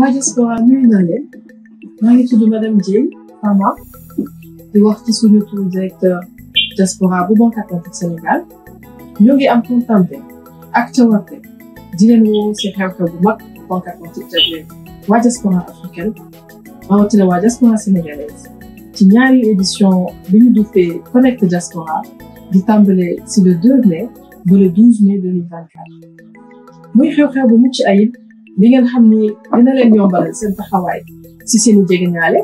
waaye si waaw nuyu naa leen maa ngi tudd madame Dièye Fama di wax ci suñu tour directeur diaspora bu Banque Atlantique Sénégal ñoo ngi am kontante ak cawarte di waa diaspora africaine rawatina waa diaspora sénégalaise ci ñaari édition bi ñu duppee diaspora di tàmbale si le 2 bu le 12 mai 2024 muy xew-xew bu mucc ayib bi ngeen xam ni dina leen yombalal seen taxawaay si seen i jegeñaale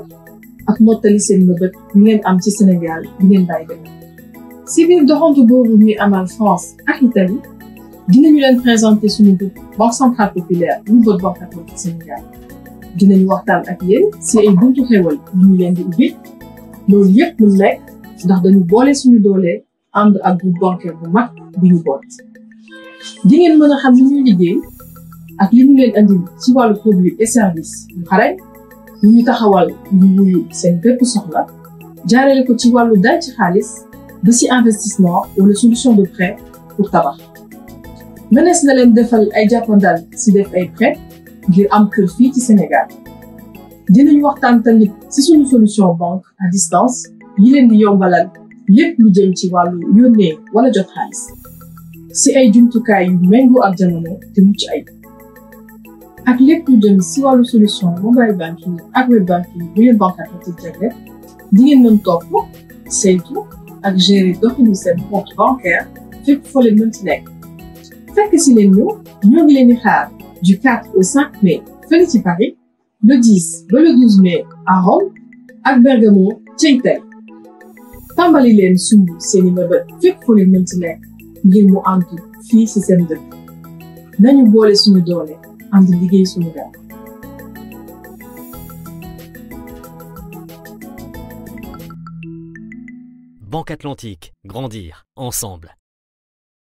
ak mottali seen mëbët yi ngeen am ci Sénégal bi ngeen bàyyi dem si biir doxantu boobu ñuy amal France ak Italie dinañu leen présenter suñu groupe Banque Centrale Populaire nouvelle banque catholique Sénégal dinañu waxtaan ak yéen si ay buntu xewal yu ñu leen di ubbi loolu yëpp mu nekk ndax dañu boole suñu doole ànd ak groupe bancaire bu mag bu ñu boot di ngeen mën a xam li ñuy liggéey ak li ñu leen andi ci wàllu produit et service yu xarañ taxawal ñu wuyu seen bépp soxla jaarale ko ci wàllu daay xaalis ba ci investissement wala solution de prêt pour tabax. mënees na leen defal ay jàppandal si def ay prêt ngir am kër fii ci Sénégal dinañu waxtaan tamit si suñu solution banque à distance yi leen di yombalal. lépp lu jëm ci wàllu yónnee wala jot xaalis si ay jumtukaay yu méngoo ak jamono te mucc ay ak lépp lu jëm si wàllu solution mobile banking ak web banking bu leen banque ak jagle di ngeen mën topp saytu ak gérer doxinu seen compte bancaire fépp foo leen nekk fekk si leen ñu ñoo ngi leen di xaar du 4 au 5 mai fële ci Paris le mai à Rome ak Bergamo ca tàmbali leen sumb seeni mëbët fépp fu leen mënti nekk ngir mu àntu fii ci seen dëkk nañu boole suñu doole ànd liggéey suñu gaal. Banque Atlantique, grandir ensemble.